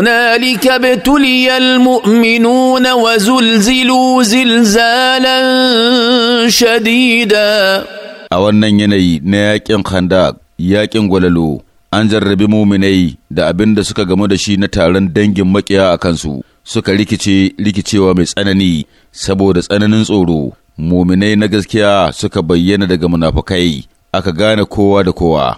هنالك ابتلي المؤمنون وزلزلوا زلزالا شديدا a wannan yanayi na yakin khandak yakin gwalalo an jarrabi muminai da abin da suka gamu da shi na taron dangin makiya a kansu suka rikice rikicewa mai tsanani saboda tsananin tsoro muminai na gaskiya suka bayyana daga munafukai aka gane kowa da kowa